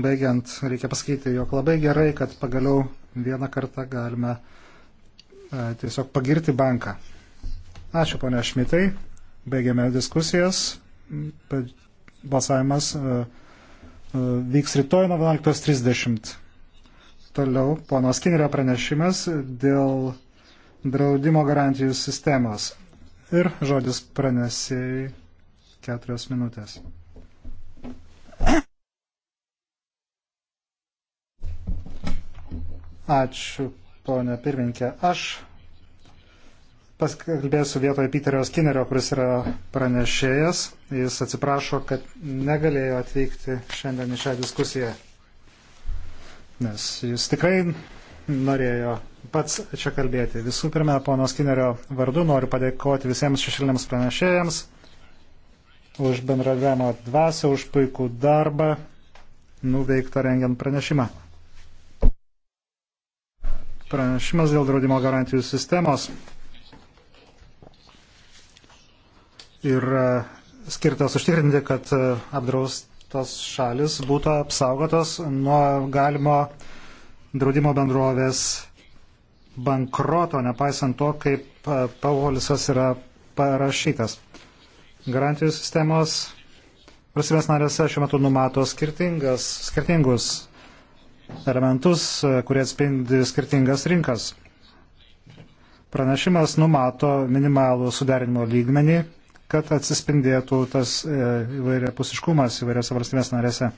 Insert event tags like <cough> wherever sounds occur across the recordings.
Baigiant, reikia pasakyti, jog labai gerai, kad pagaliau vieną kartą galime e, tiesiog pagirti banką. Ačiū, ponia Šmitai. Baigiame diskusijas. Balsavimas e, e, vyks rytoj nuo 11.30. Toliau pono Skinnerio pranešimas dėl draudimo garantijų sistemos. Ir žodis pranesiai keturios minutės. Ačiū, ponė pirminkė. Aš paskalbėsiu vietoje Piterio Skinnerio, kuris yra pranešėjas. Jis atsiprašo, kad negalėjo atvykti šiandien į šią diskusiją, nes jis tikrai norėjo pats čia kalbėti. Visų pirma, pono Skinnerio vardu noriu padėkoti visiems šešiliniams pranešėjams už bendradavimo dvasę, už puikų darbą nuveiktą rengiant pranešimą pranešimas dėl draudimo garantijų sistemos yra skirtas užtikrinti, kad e, apdraustos šalis būtų apsaugotos nuo galimo draudimo bendrovės bankroto, nepaisant to, kaip e, pavolisas yra parašytas. Garantijų sistemos valstybės narėse šiuo metu numato skirtingus elementus, e, kurie atspindi skirtingas rinkas. Pranešimas numato minimalų suderinimo lygmenį, kad atsispindėtų tas e, įvairiapusiškumas įvairiose valstybės narėse.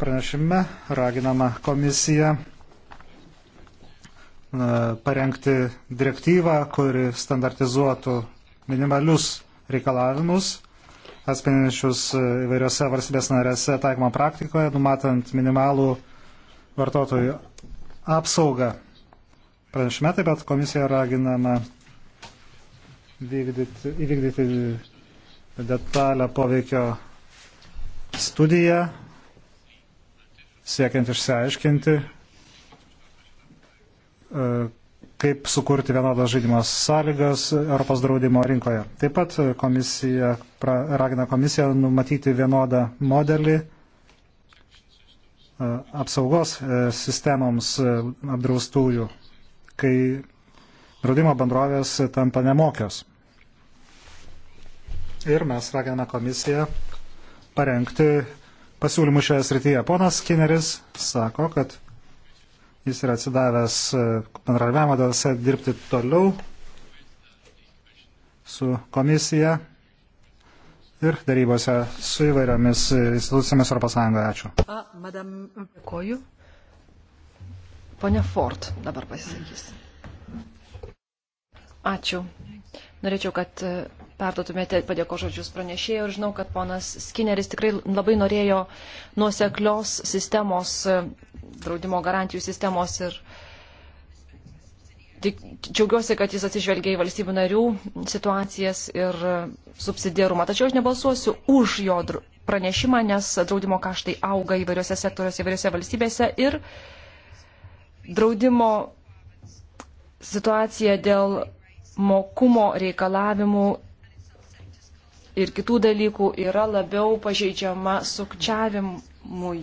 Pranešime raginama komisija e, parengti direktyvą, kuri standartizuotų minimalius reikalavimus atspindinčius e, įvairiose valstybės narėse taikomą praktikoje, numatant minimalų vartotojų apsaugą. Pranešime taip pat komisija raginama vykdyti, įvykdyti detalę poveikio studiją, siekiant išsiaiškinti, e, kaip sukurti vienodas žaidimas sąlygas Europos draudimo rinkoje. Taip pat komisija, pra, ragina komisiją numatyti vienodą modelį e, apsaugos e, sistemoms e, apdraustųjų, kai draudimo bendrovės tampa nemokios. Ir mes raginame komisiją parengti pasiūlymų šioje srityje. Ponas Kineris sako, kad Jis yra atsidavęs e, bendradarbiavimo dalse dirbti toliau su komisija ir darybose su įvairiomis institucijomis Europos Sąjungoje. Ačiū. A, madam, dėkoju. Pone Ford dabar pasisakys. Ačiū. Norėčiau, kad perdotumėte padėko žodžius pranešėjai ir žinau, kad ponas Skinneris tikrai labai norėjo nuoseklios sistemos, e, draudimo garantijų sistemos ir tik džiaugiuosi, kad jis atsižvelgia į valstybių narių situacijas ir e, subsidiarumą. Tačiau aš nebalsuosiu už jo pranešimą, nes draudimo kaštai auga įvairiose sektoriuose, įvairiose valstybėse ir draudimo situacija dėl mokumo reikalavimų ir kitų dalykų yra labiau pažeidžiama sukčiavimui.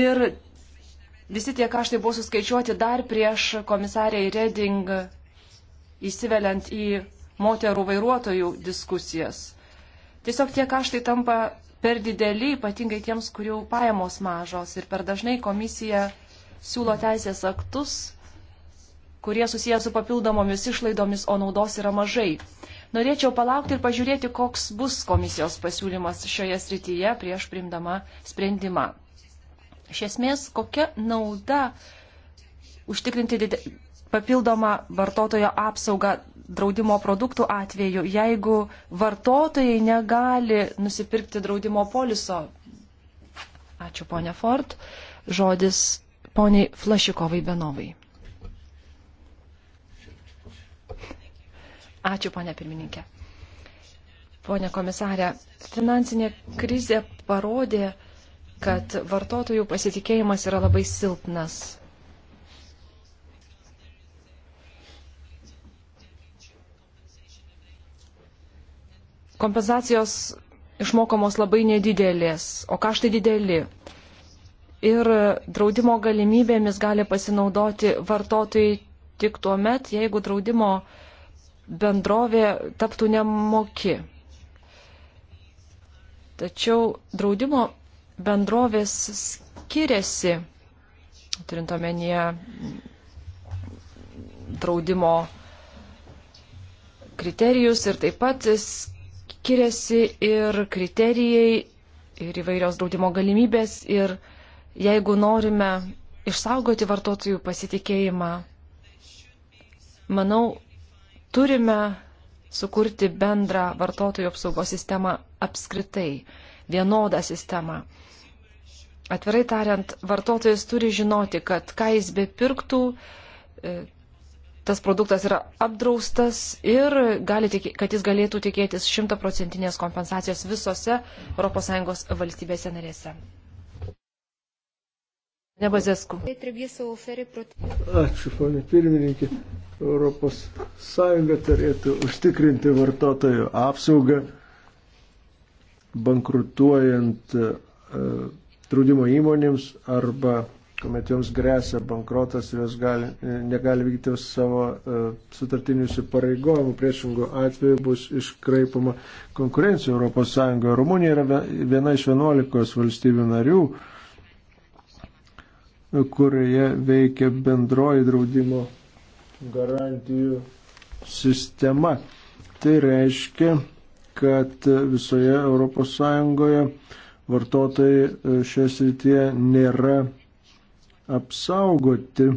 Ir visi tie kaštai buvo suskaičiuoti dar prieš komisariai Reding įsiveliant į moterų vairuotojų diskusijas. Tiesiog tie kaštai tampa per dideli, ypatingai tiems, kurių pajamos mažos. Ir per dažnai komisija siūlo teisės aktus, kurie susiję su papildomomis išlaidomis, o naudos yra mažai. Norėčiau palaukti ir pažiūrėti, koks bus komisijos pasiūlymas šioje srityje prieš primdama sprendimą. Iš esmės, kokia nauda užtikrinti dide... papildomą vartotojo apsaugą draudimo produktų atveju, jeigu vartotojai negali nusipirkti draudimo poliso. Ačiū, ponia Ford. Žodis poniai Flašikovai Benovai. Ačiū, ponė pirmininkė. Pone komisarė, finansinė krizė parodė, kad vartotojų pasitikėjimas yra labai silpnas. Kompensacijos išmokamos labai nedidelės, o kaštai dideli. Ir draudimo galimybėmis gali pasinaudoti vartotojai tik tuo met, jeigu draudimo uh, bendrovė taptų nemoki. Tačiau draudimo bendrovės skiriasi, turint omenyje draudimo kriterijus ir taip pat skiriasi ir kriterijai ir įvairios draudimo galimybės ir jeigu norime išsaugoti vartotojų pasitikėjimą, manau, Turime sukurti bendrą vartotojų apsaugos sistemą apskritai, vienodą sistemą. Atvirai tariant, vartotojas turi žinoti, kad ką jis bepirktų, e, tas produktas yra apdraustas ir gali, kad jis galėtų tikėtis šimtaprocentinės kompensacijos visose ES valstybėse narėse. Nebazesku. Ačiū, ponė pirmininkė. Europos Sąjunga turėtų užtikrinti vartotojų apsaugą, bankrutuojant e, draudimo įmonėms arba kuomet joms grėsia bankrotas ir jos gali, e, negali vykti savo uh, sutartinių įsipareigojimų, priešingų atveju bus iškraipama konkurencija ES. Rumunija yra viena iš 11 valstybių narių, uh, kurioje veikia bendroji draudimo garantijų sistema. Tai reiškia, kad visoje ES vartotojai e, šioje srityje nėra apsaugoti.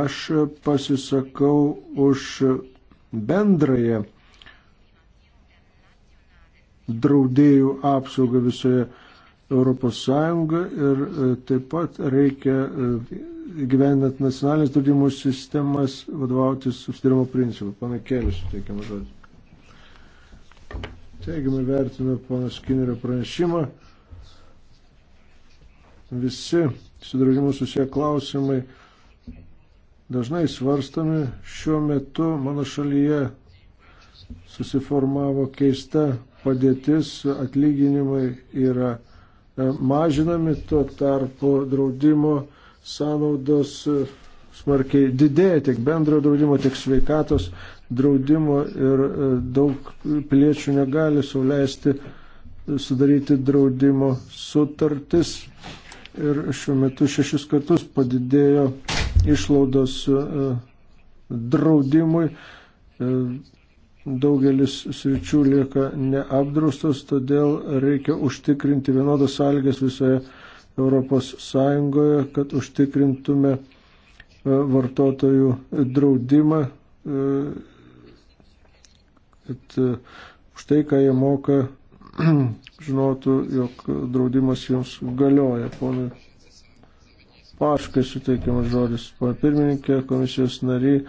Aš pasisakau už bendrąją draudėjų apsaugą visoje Europos Sąjungą ir e, taip pat reikia e, gyvenant nacionalinės draudimų sistemas vadovautis susitarimo principu. Pana Kelius, teikiamas žodis. Teigiamai vertinu pana Skinnerio pranešimą. Visi su draudimu susiję klausimai dažnai svarstami. Šiuo metu mano šalyje susiformavo keista padėtis, atlyginimai yra E, mažinami, tuo tarpu draudimo sąnaudos e, smarkiai didėja tiek bendro draudimo, tiek sveikatos draudimo ir e, daug piliečių negali sauliaisti sudaryti draudimo sutartis. Ir šiuo metu šešis kartus padidėjo išlaudos draudimui daugelis sričių lieka neapdraustos, todėl reikia užtikrinti vienodas sąlygas visoje Europos Sąjungoje, kad užtikrintume e, vartotojų draudimą, e, kad e, už tai, ką jie moka, <clears throat> žinotų, jog draudimas jiems galioja. Ponai Paškai suteikiamas žodis. Pana pirmininkė, komisijos nariai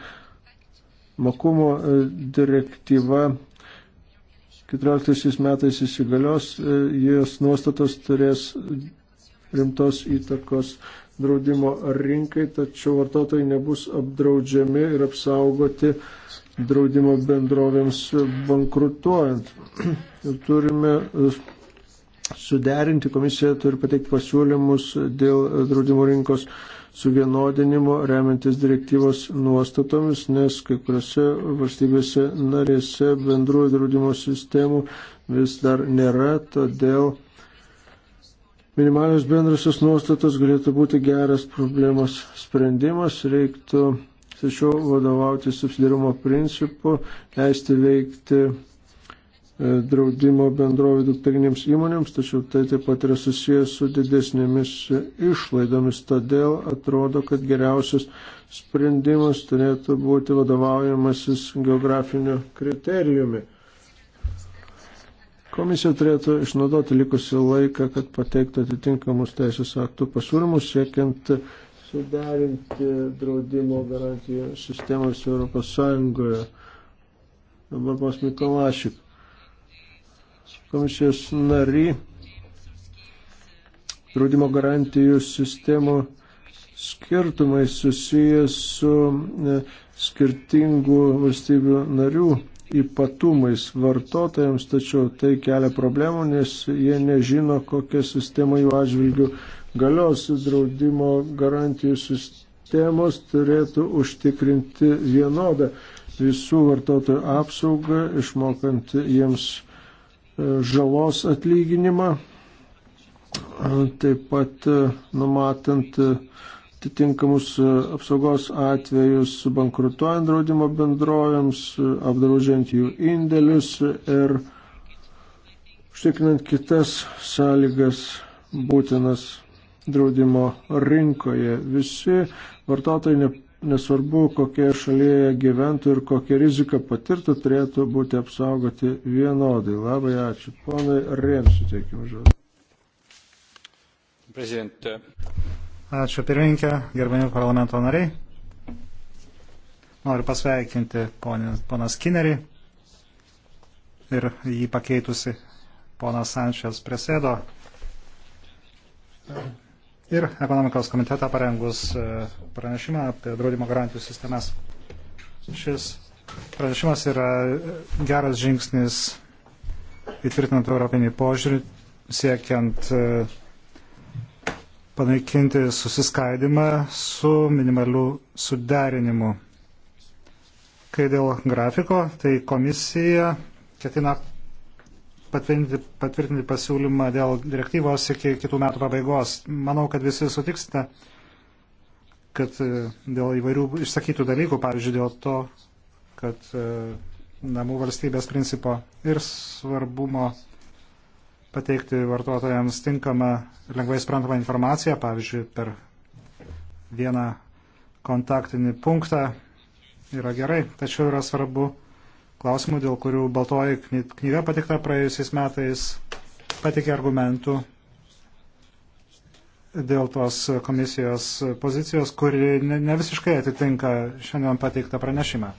mokumo e, direktyva 14 metais įsigalios, e, jos nuostatos turės rimtos įtakos draudimo rinkai, tačiau vartotojai nebus apdraudžiami ir apsaugoti draudimo bendrovėms bankrutuojant. <clears throat> Turime e, suderinti. Komisija turi pateikti pasiūlymus dėl draudimo rinkos suvienodinimo remiantis direktyvos nuostatomis, nes kai kuriuose valstybėse narėse bendrųjų draudimo sistemų vis dar nėra, todėl minimalios bendrasios nuostatos galėtų būti geras problemos sprendimas, reiktų tačiau vadovauti subsidirumo principu, leisti veikti E, draudimo bendrovė dukterinėms įmonėms, tačiau tai taip pat yra susijęs su didesnėmis e, išlaidomis. Todėl atrodo, kad geriausias sprendimas turėtų būti vadovaujamasis geografiniu kriterijumi. Komisija turėtų išnaudoti likusi laiką, kad pateiktų atitinkamus teisės aktų pasiūlymus, siekiant suderinti draudimo garantijų sistemą su ES. Dabar pas Mikolašik komisijos nary draudimo garantijų sistemų skirtumai susijęs su e, skirtingų valstybių narių ypatumais vartotojams, tačiau tai kelia problemų, nes jie nežino, kokia sistema jų atžvilgių galios draudimo garantijų sistemos turėtų užtikrinti vienodą visų vartotojų apsaugą, išmokant jiems žalos atlyginimą, taip pat numatant atitinkamus apsaugos atvejus bankrutuojant draudimo bendrovėms, apdraudžiant jų indėlius ir užtikrinant kitas sąlygas būtinas draudimo rinkoje. Visi vartotojai nesvarbu, kokie šalyje gyventų ir kokią riziką patirtų, turėtų būti apsaugoti vienodai. Labai ačiū. Ponai Rems, suteikime žodį. Prezidentė. Ačiū pirmininkė, gerbami parlamento nariai. Noriu pasveikinti poną Skinnerį ir jį pakeitusi ponas Sančias Presėdo ir ekonomikos komitetą parengus e, pranešimą apie draudimo garantijų sistemas. Šis pranešimas yra geras žingsnis įtvirtinant europinį požiūrį, siekiant e, panaikinti susiskaidimą su minimaliu suderinimu. Kai dėl grafiko, tai komisija ketina patvirtinti, patvirtinti pasiūlymą dėl direktyvos iki kitų metų pabaigos. Manau, kad visi sutiksite, kad e, dėl įvairių išsakytų dalykų, pavyzdžiui, dėl to, kad e, namų valstybės principo ir svarbumo pateikti vartotojams tinkamą ir lengvai suprantamą informaciją, pavyzdžiui, per vieną kontaktinį punktą yra gerai, tačiau yra svarbu klausimų, dėl kurių baltoji knyga patikta praėjusiais metais, patikė argumentų dėl tos komisijos pozicijos, kuri ne visiškai atitinka šiandien pateiktą pranešimą.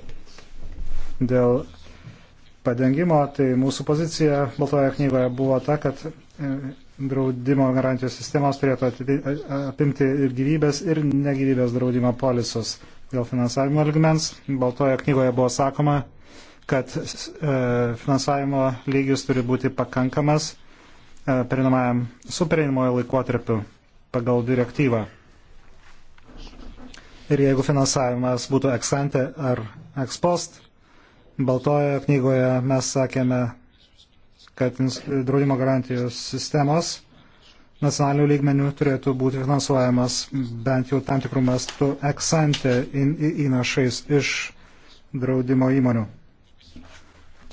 Dėl padengimo, tai mūsų pozicija Baltoje knygoje buvo ta, kad e, draudimo garantijos sistemos turėtų apimti ir gyvybės, ir negyvybės draudimo polisus. Dėl finansavimo arguments Baltoje knygoje buvo sakoma, kad e, finansavimo lygis turi būti pakankamas e, su perinamojo laikotarpiu pagal direktyvą. Ir jeigu finansavimas būtų eksante ar ekspost, Baltojoje knygoje mes sakėme, kad draudimo garantijos sistemos nacionalinių lygmenių turėtų būti finansuojamas bent jau tam tikrų mastų eksante įnašais iš draudimo įmonių.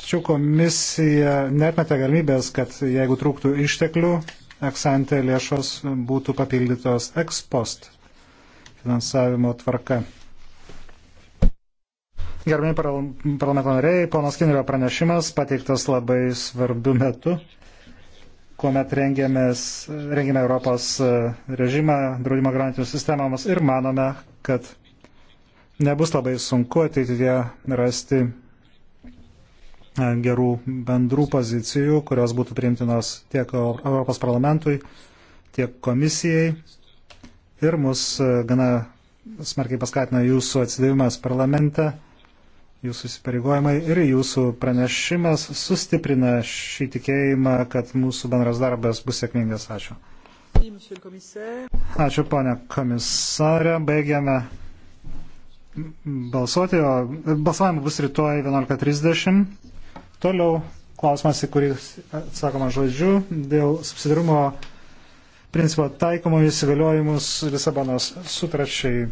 Tačiau komisija netmetė galimybės, kad jeigu trūktų išteklių, eksantė lėšos būtų papildytos ekspost finansavimo tvarka. Gerbimi parlamento nariai, ponas Kinerio pranešimas pateiktas labai svarbiu metu, kuomet rengėme Europos režimą, draudimo garantijų sistemams ir manome, kad nebus labai sunku ateityje rasti E, gerų bendrų pozicijų, kurios būtų priimtinos tiek Europos parlamentui, tiek komisijai. Ir mus e, gana smarkiai paskatino jūsų atsidavimas parlamente, jūsų įsipareigojimai ir jūsų pranešimas sustiprina šį tikėjimą, kad mūsų bendras darbas bus sėkmingas. Ačiū. Ačiū, ponia komisarė. Baigiame balsuoti, o balsavimas bus rytoj 11.30. Toliau klausimas, į kurį atsakoma žodžiu, dėl subsidarumo principo taikomo įsigaliojimus Lisabonos sutračiai.